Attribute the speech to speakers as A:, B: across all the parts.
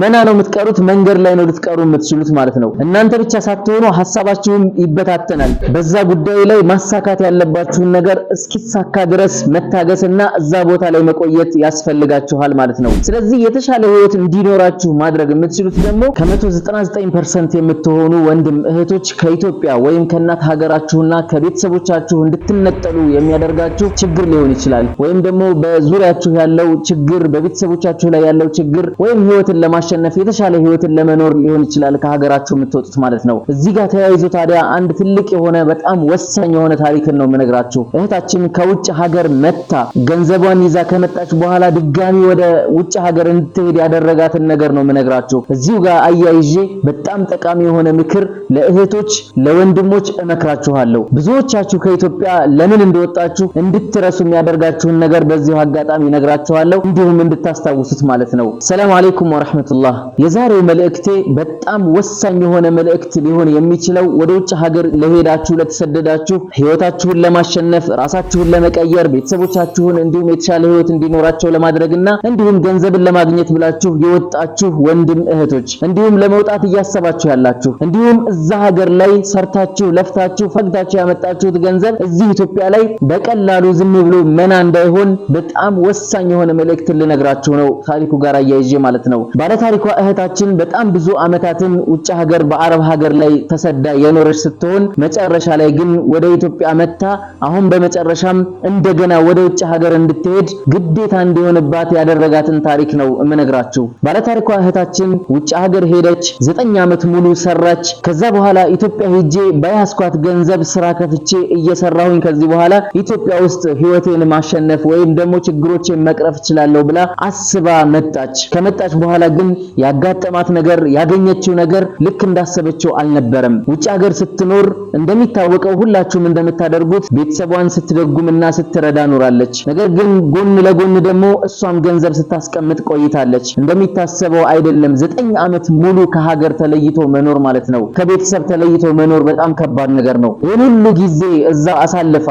A: መና ነው የምትቀሩት፣ መንገድ ላይ ነው ልትቀሩ የምትችሉት ማለት ነው። እናንተ ብቻ ሳትሆኑ ሀሳባችሁም ይበታተናል። በዛ ጉዳይ ላይ ማሳካት ያለባችሁን ነገር እስኪሳካ ድረስ መታገስና እዛ ቦታ ላይ መቆየት ያስፈልጋችኋል ማለት ነው። ስለዚህ የተሻለ ህይወት እንዲኖራችሁ ማድረግ የምትችሉት ደግሞ ከ199% የምትሆኑ ወንድም እህቶች ከኢትዮጵያ ወይም ከእናት ሀገራችሁና ከቤተሰቦቻችሁ እንድትነጠሉ የሚያደርጋችሁ ችግር ሊሆን ይችላል። ወይም ደግሞ በዙሪያችሁ ያለው ችግር፣ በቤተሰቦቻችሁ ላይ ያለው ችግር ወይም ህይወትን ለማ ለማሸነፍ የተሻለ ህይወትን ለመኖር ሊሆን ይችላል ከሀገራችሁ የምትወጡት ማለት ነው። እዚህ ጋር ተያይዞ ታዲያ አንድ ትልቅ የሆነ በጣም ወሳኝ የሆነ ታሪክን ነው የምነግራችሁ። እህታችን ከውጭ ሀገር መታ ገንዘቧን ይዛ ከመጣች በኋላ ድጋሚ ወደ ውጭ ሀገር እንድትሄድ ያደረጋትን ነገር ነው የምነግራችሁ። እዚሁ ጋር አያይዤ በጣም ጠቃሚ የሆነ ምክር ለእህቶች ለወንድሞች እመክራችኋለሁ። ብዙዎቻችሁ ከኢትዮጵያ ለምን እንደወጣችሁ እንድትረሱ የሚያደርጋችሁን ነገር በዚሁ አጋጣሚ እነግራችኋለሁ፣ እንዲሁም እንድታስታውሱት ማለት ነው። ሰላም አለይኩም ወራህመቱ ረሕመቱላህ የዛሬው መልእክቴ በጣም ወሳኝ የሆነ መልእክት ሊሆን የሚችለው ወደ ውጭ ሀገር ለሄዳችሁ ለተሰደዳችሁ ህይወታችሁን ለማሸነፍ ራሳችሁን ለመቀየር ቤተሰቦቻችሁን እንዲሁም የተሻለ ህይወት እንዲኖራቸው ለማድረግና እንዲሁም ገንዘብን ለማግኘት ብላችሁ የወጣችሁ ወንድም እህቶች እንዲሁም ለመውጣት እያሰባችሁ ያላችሁ እንዲሁም እዛ ሀገር ላይ ሰርታችሁ ለፍታችሁ ፈግታችሁ ያመጣችሁት ገንዘብ እዚህ ኢትዮጵያ ላይ በቀላሉ ዝም ብሎ መና እንዳይሆን በጣም ወሳኝ የሆነ መልእክት ልነግራችሁ ነው። ታሪኩ ጋር አያይዤ ማለት ነው። ባለ ባለታሪኳ እህታችን በጣም ብዙ ዓመታትን ውጭ ሀገር በአረብ ሀገር ላይ ተሰዳ የኖረች ስትሆን መጨረሻ ላይ ግን ወደ ኢትዮጵያ መጥታ አሁን በመጨረሻም እንደገና ወደ ውጭ ሀገር እንድትሄድ ግዴታ እንዲሆንባት ያደረጋትን ታሪክ ነው እምነግራችሁ። ባለታሪኳ እህታችን ውጭ ሀገር ሄደች፣ ዘጠኝ ዓመት ሙሉ ሰራች። ከዛ በኋላ ኢትዮጵያ ሄጄ በያስኳት ገንዘብ ስራ ከፍቼ እየሰራሁኝ ከዚህ በኋላ ኢትዮጵያ ውስጥ ህይወቴን ማሸነፍ ወይም ደግሞ ችግሮቼን መቅረፍ እችላለሁ ብላ አስባ መጣች። ከመጣች በኋላ ግን ያጋጠማት ነገር ያገኘችው ነገር ልክ እንዳሰበችው አልነበረም። ውጭ ሀገር ስትኖር እንደሚታወቀው ሁላችሁም እንደምታደርጉት ቤተሰቧን ስትደጉምና ስትረዳ ኖራለች። ነገር ግን ጎን ለጎን ደግሞ እሷም ገንዘብ ስታስቀምጥ ቆይታለች። እንደሚታሰበው አይደለም። ዘጠኝ ዓመት ሙሉ ከሀገር ተለይቶ መኖር ማለት ነው። ከቤተሰብ ተለይቶ መኖር በጣም ከባድ ነገር ነው። ይህን ሁሉ ጊዜ እዛ አሳልፋ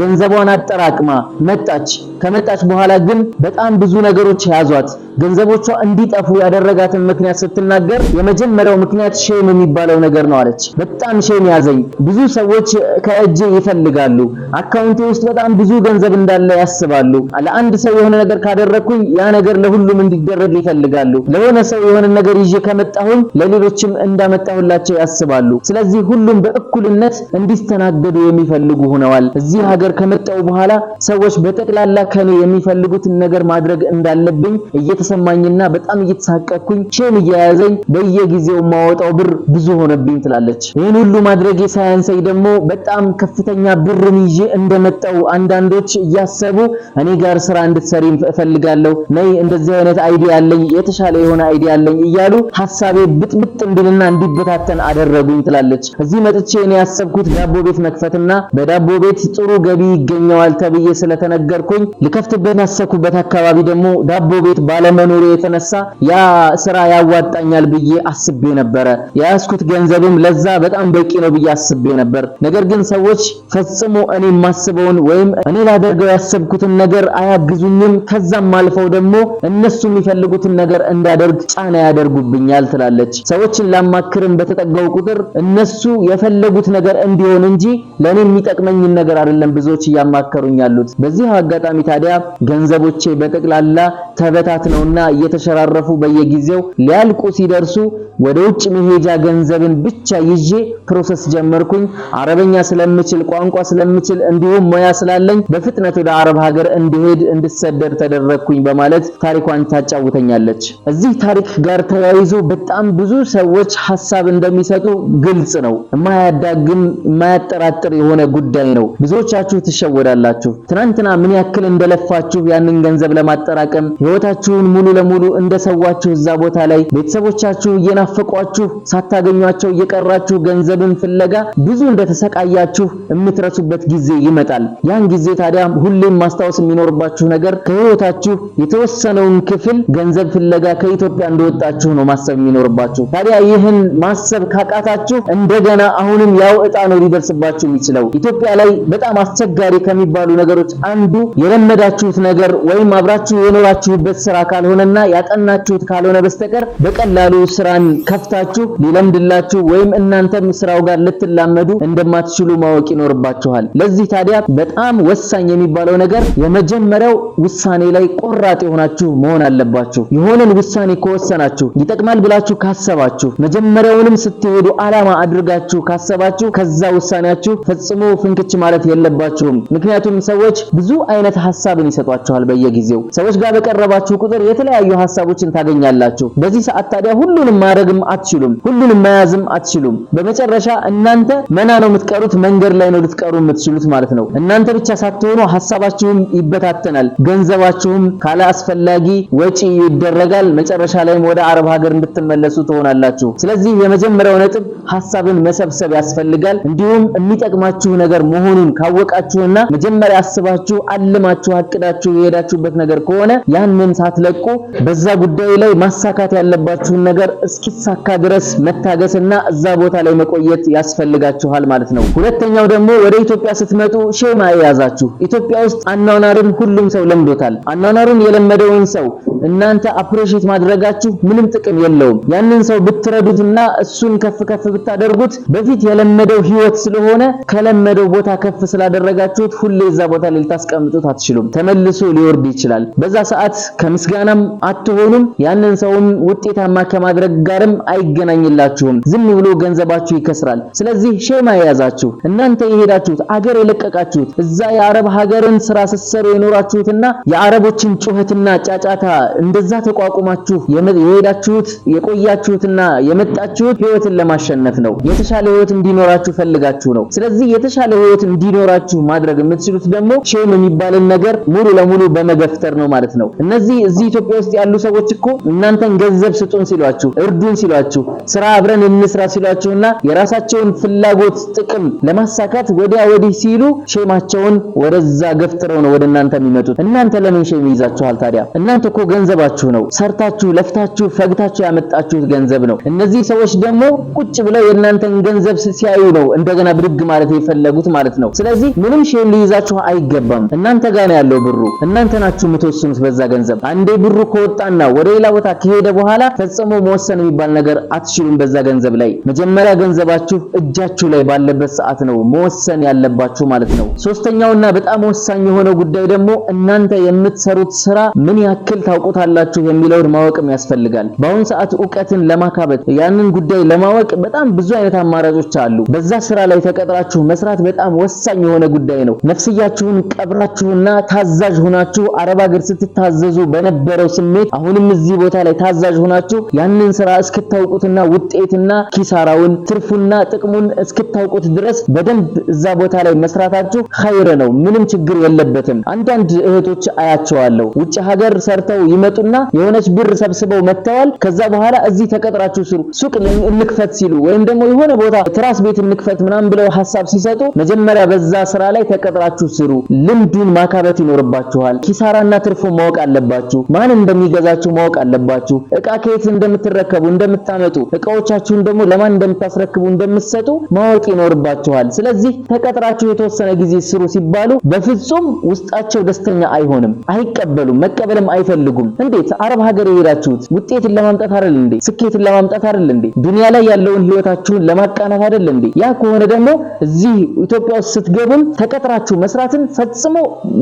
A: ገንዘቧን አጠራቅማ መጣች። ከመጣች በኋላ ግን በጣም ብዙ ነገሮች ያዟት። ገንዘቦቿ እንዲጠፉ ያደረ ያደረጋትን ምክንያት ስትናገር የመጀመሪያው ምክንያት ሼም የሚባለው ነገር ነው አለች። በጣም ሼም ያዘኝ። ብዙ ሰዎች ከእጄ ይፈልጋሉ። አካውንቴ ውስጥ በጣም ብዙ ገንዘብ እንዳለ ያስባሉ። ለአንድ ሰው የሆነ ነገር ካደረኩኝ ያ ነገር ለሁሉም እንዲደረግ ይፈልጋሉ። ለሆነ ሰው የሆነ ነገር ይዤ ከመጣሁኝ ለሌሎችም እንዳመጣሁላቸው ያስባሉ። ስለዚህ ሁሉም በእኩልነት እንዲስተናገዱ የሚፈልጉ ሆነዋል። እዚህ ሀገር ከመጣው በኋላ ሰዎች በጠቅላላ ከኔ የሚፈልጉትን ነገር ማድረግ እንዳለብኝ እየተሰማኝና በጣም እየተሳ እያላቀቅኩኝ ቼን እያያዘኝ በየጊዜው ማወጣው ብር ብዙ ሆነብኝ ትላለች። ይህን ሁሉ ማድረጌ ሳያንሰኝ ደግሞ በጣም ከፍተኛ ብርን ይዤ እንደመጣው አንዳንዶች እያሰቡ እኔ ጋር ስራ እንድትሰሪ እፈልጋለሁ፣ ነይ እንደዚህ አይነት አይዲያ አለኝ፣ የተሻለ የሆነ አይዲያ አለኝ እያሉ ሀሳቤ ብጥብጥ እንድልና እንዲበታተን አደረጉኝ ትላለች። እዚህ መጥቼ እኔ ያሰብኩት ዳቦ ቤት መክፈትና በዳቦ ቤት ጥሩ ገቢ ይገኘዋል ተብዬ ስለተነገርኩኝ ልከፍትበት ያሰብኩበት አካባቢ ደግሞ ዳቦ ቤት ባለመኖሩ የተነሳ ያ ስራ ያዋጣኛል ብዬ አስቤ ነበረ። የያዝኩት ገንዘብም ለዛ በጣም በቂ ነው ብዬ አስቤ ነበር። ነገር ግን ሰዎች ፈጽሞ እኔ የማስበውን ወይም እኔ ላደርገው ያሰብኩትን ነገር አያግዙኝም። ከዛም አልፈው ደግሞ እነሱ የሚፈልጉትን ነገር እንዳደርግ ጫና ያደርጉብኛል ትላለች። ሰዎችን ላማክርም በተጠጋው ቁጥር እነሱ የፈለጉት ነገር እንዲሆን እንጂ ለእኔ የሚጠቅመኝን ነገር አይደለም ብዙዎች እያማከሩኝ ያሉት። በዚህ አጋጣሚ ታዲያ ገንዘቦቼ በጠቅላላ ተበታትነውና እየተሸራረፉ በየ በየጊዜው ሊያልቁ ሲደርሱ ወደ ውጭ መሄጃ ገንዘብን ብቻ ይዤ ፕሮሰስ ጀመርኩኝ። አረበኛ ስለምችል፣ ቋንቋ ስለምችል እንዲሁም ሙያ ስላለኝ በፍጥነት ወደ አረብ ሀገር እንድሄድ እንድሰደድ ተደረግኩኝ በማለት ታሪኳን ታጫውተኛለች። እዚህ ታሪክ ጋር ተያይዞ በጣም ብዙ ሰዎች ሀሳብ እንደሚሰጡ ግልጽ ነው። የማያዳግም የማያጠራጥር የሆነ ጉዳይ ነው። ብዙዎቻችሁ ትሸወዳላችሁ። ትናንትና ምን ያክል እንደለፋችሁ ያንን ገንዘብ ለማጠራቀም ህይወታችሁን ሙሉ ለሙሉ እንደሰዋችሁ እዛ ቦታ ላይ ቤተሰቦቻችሁ እየናፈቋችሁ ሳታገኟቸው እየቀራችሁ ገንዘብን ፍለጋ ብዙ እንደተሰቃያችሁ የምትረሱበት ጊዜ ይመጣል። ያን ጊዜ ታዲያ ሁሌም ማስታወስ የሚኖርባችሁ ነገር ከህይወታችሁ የተወሰነውን ክፍል ገንዘብ ፍለጋ ከኢትዮጵያ እንደወጣችሁ ነው ማሰብ የሚኖርባችሁ። ታዲያ ይህን ማሰብ ካቃታችሁ እንደገና አሁንም ያው እጣ ነው ሊደርስባችሁ የሚችለው። ኢትዮጵያ ላይ በጣም አስቸጋሪ ከሚባሉ ነገሮች አንዱ የለመዳችሁት ነገር ወይም አብራችሁ የኖራችሁበት ስራ ካልሆነና ያጠናችሁት ካልሆነ በስተቀር በቀላሉ ስራን ከፍታችሁ ሊለምድላችሁ ወይም እናንተም ስራው ጋር ልትላመዱ እንደማትችሉ ማወቅ ይኖርባችኋል። ለዚህ ታዲያ በጣም ወሳኝ የሚባለው ነገር የመጀመሪያው ውሳኔ ላይ ቆራጥ የሆናችሁ መሆን አለባችሁ። የሆነን ውሳኔ ከወሰናችሁ ይጠቅማል ብላችሁ ካሰባችሁ፣ መጀመሪያውንም ስትሄዱ አላማ አድርጋችሁ ካሰባችሁ ከዛ ውሳኔያችሁ ፈጽሞ ፍንክች ማለት የለባችሁም። ምክንያቱም ሰዎች ብዙ አይነት ሀሳብን ይሰጧችኋል። በየጊዜው ሰዎች ጋር በቀረባችሁ ቁጥር የተለያዩ ሀሳቦችን ታገኛላችሁ። ትችላላችሁ። በዚህ ሰዓት ታዲያ ሁሉንም ማድረግም አትችሉም፣ ሁሉንም መያዝም አትችሉም። በመጨረሻ እናንተ መና ነው የምትቀሩት፣ መንገድ ላይ ነው ልትቀሩ የምትችሉት ማለት ነው። እናንተ ብቻ ሳትሆኑ ሀሳባችሁም ይበታተናል፣ ገንዘባችሁም ካለ አስፈላጊ ወጪ ይደረጋል። መጨረሻ ላይም ወደ አረብ ሀገር እንድትመለሱ ትሆናላችሁ። ስለዚህ የመጀመሪያው ነጥብ ሀሳብን መሰብሰብ ያስፈልጋል። እንዲሁም የሚጠቅማችሁ ነገር መሆኑን ካወቃችሁና መጀመሪያ አስባችሁ አልማችሁ አቅዳችሁ የሄዳችሁበት ነገር ከሆነ ያንን ሳትለቁ በዛ ጉዳይ ላይ ማሳካት ያለባችሁን ነገር እስኪሳካ ድረስ መታገስና እዛ ቦታ ላይ መቆየት ያስፈልጋችኋል ማለት ነው። ሁለተኛው ደግሞ ወደ ኢትዮጵያ ስትመጡ ሼማ የያዛችሁ ኢትዮጵያ ውስጥ አኗኗርን ሁሉም ሰው ለምዶታል። አኗኗሩን የለመደውን ሰው እናንተ አፕሬሽት ማድረጋችሁ ምንም ጥቅም የለውም። ያንን ሰው ብትረዱትና እሱን ከፍ ከፍ ብታደርጉት በፊት የለመደው ህይወት ስለሆነ ከለመደው ቦታ ከፍ ስላደረጋችሁት ሁሌ እዛ ቦታ ላይ ልታስቀምጡት አትችሉም። ተመልሶ ሊወርድ ይችላል። በዛ ሰዓት ከምስጋናም አትሆኑም ያንን ሌላን ሰውም ውጤታማ ከማድረግ ጋርም አይገናኝላችሁም። ዝም ብሎ ገንዘባችሁ ይከስራል። ስለዚህ ሼማ የያዛችሁ እናንተ የሄዳችሁት አገር የለቀቃችሁት እዛ የአረብ ሀገርን ስራ ስትሰሩ የኖራችሁትና የአረቦችን ጩኸትና ጫጫታ እንደዛ ተቋቁማችሁ የሄዳችሁት የቆያችሁትና የመጣችሁት ህይወትን ለማሸነፍ ነው። የተሻለ ህይወት እንዲኖራችሁ ፈልጋችሁ ነው። ስለዚህ የተሻለ ህይወት እንዲኖራችሁ ማድረግ የምትችሉት ደግሞ ሼም የሚባልን ነገር ሙሉ ለሙሉ በመገፍተር ነው ማለት ነው። እነዚህ እዚህ ኢትዮጵያ ውስጥ ያሉ ሰዎች እኮ እናንተን ገንዘብ ስጡን ሲሏችሁ፣ እርዱን ሲሏችሁ፣ ስራ አብረን እንስራ ሲሏችሁና የራሳቸውን ፍላጎት ጥቅም ለማሳካት ወዲያ ወዲህ ሲሉ ሼማቸውን ወደዛ ገፍጥረው ነው ወደ እናንተ የሚመጡት። እናንተ ለምን ሼም ይይዛችኋል ታዲያ? እናንተ እኮ ገንዘባችሁ ነው፣ ሰርታችሁ ለፍታችሁ ፈግታችሁ ያመጣችሁት ገንዘብ ነው። እነዚህ ሰዎች ደግሞ ቁጭ ብለው የእናንተን ገንዘብ ሲያዩ ነው እንደገና ብድግ ማለት የፈለጉት ማለት ነው። ስለዚህ ምንም ሼም ሊይዛችሁ አይገባም። እናንተ ጋር ያለው ብሩ። እናንተ ናችሁ የምትወስኑት በዛ ገንዘብ። አንዴ ብሩ ከወጣና ወደ ሌላ ቦታ ከሄደ በኋላ ፈጽሞ መወሰን የሚባል ነገር አትችሉም። በዛ ገንዘብ ላይ መጀመሪያ ገንዘባችሁ እጃችሁ ላይ ባለበት ሰዓት ነው መወሰን ያለባችሁ ማለት ነው። ሶስተኛውና በጣም ወሳኝ የሆነው ጉዳይ ደግሞ እናንተ የምትሰሩት ስራ ምን ያክል ታውቁታላችሁ የሚለውን ማወቅም ያስፈልጋል። በአሁኑ ሰዓት እውቀትን ለማካበት ያንን ጉዳይ ለማወቅ በጣም ብዙ አይነት አማራጮች አሉ። በዛ ስራ ላይ ተቀጥራችሁ መስራት በጣም ወሳኝ የሆነ ጉዳይ ነው። ነፍስያችሁን ቀብራችሁና ታዛዥ ሆናችሁ አረብ ሀገር ስትታዘዙ በነበረው ስሜት አሁንም እዚህ ቦታ ቦታ ላይ ታዛዥ ሆናችሁ ያንን ስራ እስክታውቁትና ውጤትና ኪሳራውን ትርፉና ጥቅሙን እስክታውቁት ድረስ በደንብ እዛ ቦታ ላይ መስራታችሁ ኸይር ነው። ምንም ችግር የለበትም። አንዳንድ እህቶች አያቸዋለሁ ውጭ ሀገር ሰርተው ይመጡና የሆነች ብር ሰብስበው መጥተዋል። ከዛ በኋላ እዚህ ተቀጥራችሁ ስሩ፣ ሱቅ እንክፈት ሲሉ ወይም ደግሞ የሆነ ቦታ ትራስ ቤት እንክፈት ምናምን ብለው ሀሳብ ሲሰጡ መጀመሪያ በዛ ስራ ላይ ተቀጥራችሁ ስሩ። ልምዱን ማካበት ይኖርባችኋል። ኪሳራና ትርፉ ማወቅ አለባችሁ። ማን እንደሚገዛችሁ ማወቅ አለባችሁ። እንዳለባችሁ እቃ ከየት እንደምትረከቡ እንደምታመጡ፣ እቃዎቻችሁን ደግሞ ለማን እንደምታስረክቡ እንደምትሰጡ ማወቅ ይኖርባችኋል። ስለዚህ ተቀጥራችሁ የተወሰነ ጊዜ ስሩ ሲባሉ በፍጹም ውስጣቸው ደስተኛ አይሆንም፣ አይቀበሉም፣ መቀበልም አይፈልጉም። እንዴት አረብ ሀገር የሄዳችሁት ውጤትን ለማምጣት አይደል እንዴ? ስኬትን ለማምጣት አይደል እንዴ? ዱንያ ላይ ያለውን ህይወታችሁን ለማቃናት አይደል እንዴ? ያ ከሆነ ደግሞ እዚህ ኢትዮጵያ ውስጥ ስትገቡም ተቀጥራችሁ መስራትን ፈጽሞ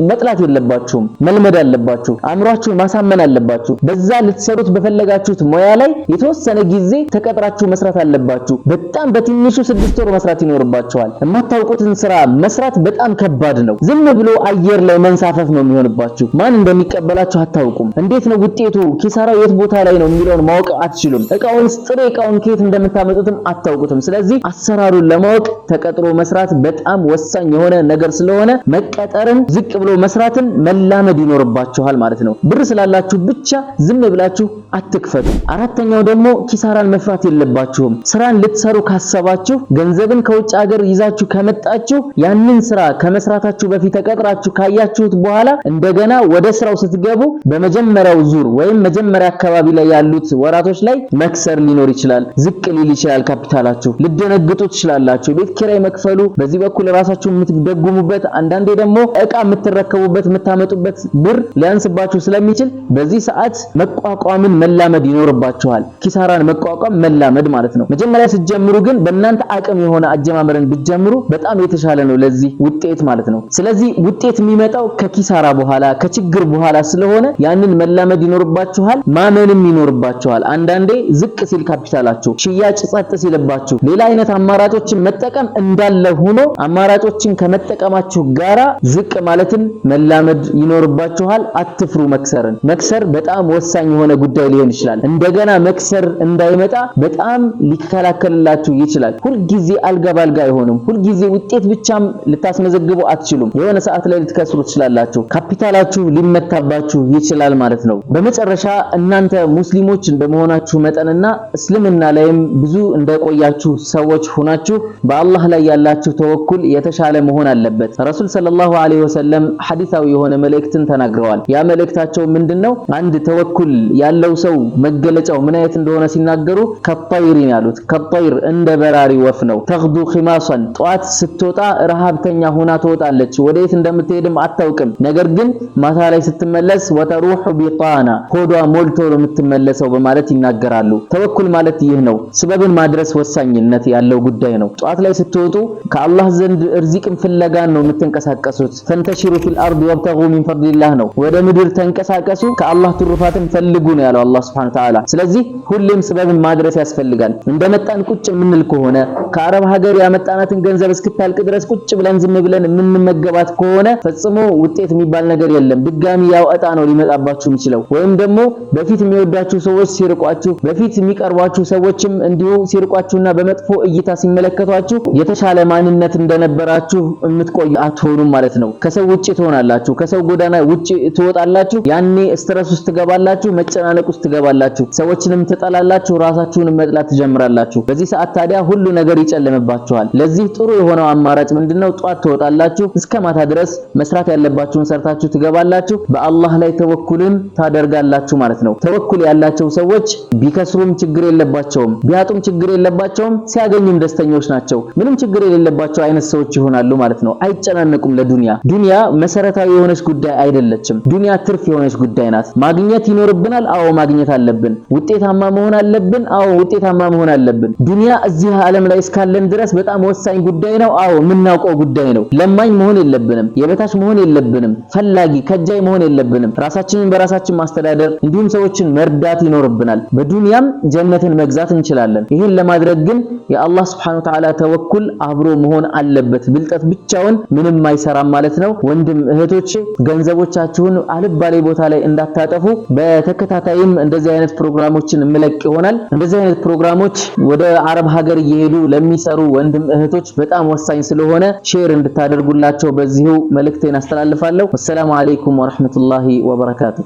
A: መጥላት የለባችሁም፣ መልመድ አለባችሁ፣ አእምሯችሁን ማሳመን አለባችሁ። በዛ ልትሰ በምትሰሩት በፈለጋችሁት ሙያ ላይ የተወሰነ ጊዜ ተቀጥራችሁ መስራት አለባችሁ። በጣም በትንሹ ስድስት ወር መስራት ይኖርባችኋል። የማታውቁትን ስራ መስራት በጣም ከባድ ነው። ዝም ብሎ አየር ላይ መንሳፈፍ ነው የሚሆንባችሁ። ማን እንደሚቀበላችሁ አታውቁም። እንዴት ነው ውጤቱ፣ ኪሳራው የት ቦታ ላይ ነው የሚለውን ማወቅ አትችሉም። እቃውን ጥሬ እቃውን ከየት እንደምታመጡትም አታውቁትም። ስለዚህ አሰራሩን ለማወቅ ተቀጥሮ መስራት በጣም ወሳኝ የሆነ ነገር ስለሆነ መቀጠርን ዝቅ ብሎ መስራትን መላመድ ይኖርባችኋል ማለት ነው። ብር ስላላችሁ ብቻ ዝም ብላችሁ አድርጋችሁ አትክፈቱ። አራተኛው ደግሞ ኪሳራን መፍራት የለባችሁም። ስራን ልትሰሩ ካሰባችሁ ገንዘብን ከውጭ ሀገር ይዛችሁ ከመጣችሁ ያንን ስራ ከመስራታችሁ በፊት ተቀጥራችሁ ካያችሁት በኋላ እንደገና ወደ ስራው ስትገቡ በመጀመሪያው ዙር ወይም መጀመሪያ አካባቢ ላይ ያሉት ወራቶች ላይ መክሰር ሊኖር ይችላል። ዝቅ ሊል ይችላል ካፒታላችሁ። ልደነግጡ ትችላላችሁ። ቤት ኪራይ መክፈሉ፣ በዚህ በኩል ራሳችሁ የምትደጉሙበት፣ አንዳንዴ ደግሞ እቃ የምትረከቡበት የምታመጡበት ብር ሊያንስባችሁ ስለሚችል በዚህ ሰዓት መቋቋም መቋቋምን መላመድ ይኖርባችኋል። ኪሳራን መቋቋም መላመድ ማለት ነው። መጀመሪያ ስትጀምሩ ግን በእናንተ አቅም የሆነ አጀማመርን ብትጀምሩ በጣም የተሻለ ነው ለዚህ ውጤት ማለት ነው። ስለዚህ ውጤት የሚመጣው ከኪሳራ በኋላ ከችግር በኋላ ስለሆነ ያንን መላመድ ይኖርባችኋል፣ ማመንም ይኖርባችኋል። አንዳንዴ ዝቅ ሲል ካፒታላችሁ፣ ሽያጭ ጸጥ ሲልባችሁ፣ ሌላ አይነት አማራጮችን መጠቀም እንዳለ ሆኖ አማራጮችን ከመጠቀማችሁ ጋራ ዝቅ ማለትን መላመድ ይኖርባችኋል። አትፍሩ መክሰርን። መክሰር በጣም ወሳኝ የሆነ ጉዳይ ሊሆን ይችላል። እንደገና መክሰር እንዳይመጣ በጣም ሊከላከልላችሁ ይችላል። ሁልጊዜ አልጋ ባልጋ አይሆንም። ሁልጊዜ ውጤት ብቻም ልታስመዘግቡ አትችሉም። የሆነ ሰዓት ላይ ልትከስሩ ትችላላችሁ። ካፒታላችሁ ሊመታባችሁ ይችላል ማለት ነው። በመጨረሻ እናንተ ሙስሊሞች እንደመሆናችሁ መጠንና እስልምና ላይም ብዙ እንደቆያችሁ ሰዎች ሆናችሁ በአላህ ላይ ያላችሁ ተወኩል የተሻለ መሆን አለበት። ረሱል ሰለላሁ ዐለይሂ ወሰለም ሐዲሳዊ የሆነ መልእክትን ተናግረዋል። ያ መልእክታቸው ምንድነው? አንድ ተወኩል ያለው ሰው መገለጫው ምን አይነት እንደሆነ ሲናገሩ ከጣይሪን ያሉት ከጣይር እንደ በራሪ ወፍ ነው። ተግዱ ኺማሷን ጧት ስትወጣ ረሃብተኛ ሆና ትወጣለች፣ ወዴት እንደምትሄድም አታውቅም። ነገር ግን ማታ ላይ ስትመለስ ወተሩሑ ቢጣና ሆዷ ሞልቶ ነው የምትመለሰው በማለት ይናገራሉ። ተወኩል ማለት ይህ ነው። ስበብን ማድረስ ወሳኝነት ያለው ጉዳይ ነው። ጧት ላይ ስትወጡ ከአላህ ዘንድ እርዚቅን ፍለጋን ነው የምትንቀሳቀሱት። ፈንተሽሩ ፊል አርድ ወብተጉ ሚን ፈድሊላህ ነው። ወደ ምድር ተንቀሳቀሱ ከአላህ ትሩፋትን ፈልጉ ነው ያለው አላህ Subhanahu Ta'ala። ስለዚህ ሁሌም ስበብን ማድረስ ያስፈልጋል። እንደመጣን ቁጭ የምንል ከሆነ ከአረብ ሀገር ያመጣናትን ገንዘብ እስክታልቅ ድረስ ቁጭ ብለን ዝም ብለን የምንመገባት ከሆነ ፈጽሞ ውጤት የሚባል ነገር የለም። ድጋሚ ያው እጣ ነው ሊመጣባችሁ የሚችለው። ወይም ደግሞ በፊት የሚወዳችሁ ሰዎች ሲርቋችሁ፣ በፊት የሚቀርቧችሁ ሰዎችም እንዲሁ ሲርቋችሁና በመጥፎ እይታ ሲመለከቷችሁ የተሻለ ማንነት እንደነበራችሁ የምትቆዩ አትሆኑም ማለት ነው። ከሰው ውጪ ትሆናላችሁ፣ ከሰው ጎዳና ውጪ ትወጣላችሁ። ያኔ ስትረስ ውስጥ ትገባላችሁ መጨ መጨናነቅ ውስጥ ትገባላችሁ። ሰዎችንም ትጠላላችሁ፣ ራሳችሁንም መጥላት ትጀምራላችሁ። በዚህ ሰዓት ታዲያ ሁሉ ነገር ይጨልምባችኋል። ለዚህ ጥሩ የሆነው አማራጭ ምንድነው? ጧት ትወጣላችሁ፣ እስከ ማታ ድረስ መስራት ያለባችሁን ሰርታችሁ ትገባላችሁ። በአላህ ላይ ተወኩልን ታደርጋላችሁ ማለት ነው። ተወኩል ያላቸው ሰዎች ቢከስሩም ችግር የለባቸውም፣ ቢያጡም ችግር የለባቸውም፣ ሲያገኙም ደስተኞች ናቸው። ምንም ችግር የሌለባቸው አይነት ሰዎች ይሆናሉ ማለት ነው። አይጨናነቁም ለዱንያ። ዱንያ መሰረታዊ የሆነች ጉዳይ አይደለችም። ዱንያ ትርፍ የሆነች ጉዳይ ናት። ማግኘት ይኖርብናል አዎ ማግኘት አለብን። ውጤታማ መሆን አለብን። አዎ ውጤታማ መሆን አለብን። ዱንያ እዚህ ዓለም ላይ እስካለን ድረስ በጣም ወሳኝ ጉዳይ ነው። አዎ የምናውቀው ጉዳይ ነው። ለማኝ መሆን የለብንም። የበታች መሆን የለብንም። ፈላጊ ከጃይ መሆን የለብንም። ራሳችንን በራሳችን ማስተዳደር እንዲሁም ሰዎችን መርዳት ይኖርብናል። በዱንያም ጀነትን መግዛት እንችላለን። ይህን ለማድረግ ግን የአላህ ስብሐነሁ ወተዓላ ተወኩል አብሮ መሆን አለበት። ብልጠት ብቻውን ምንም አይሰራም ማለት ነው። ወንድም እህቶቼ ገንዘቦቻችሁን አልባሌ ቦታ ላይ እንዳታጠፉ በተከታ በተከታታይም እንደዚህ አይነት ፕሮግራሞችን እምለቅ ይሆናል። እንደዚህ አይነት ፕሮግራሞች ወደ አረብ ሀገር እየሄዱ ለሚሰሩ ወንድም እህቶች በጣም ወሳኝ ስለሆነ ሼር እንድታደርጉላቸው በዚሁ መልእክቴን አስተላልፋለሁ። ወሰላሙ አለይኩም ወራህመቱላሂ ወበረካቱ።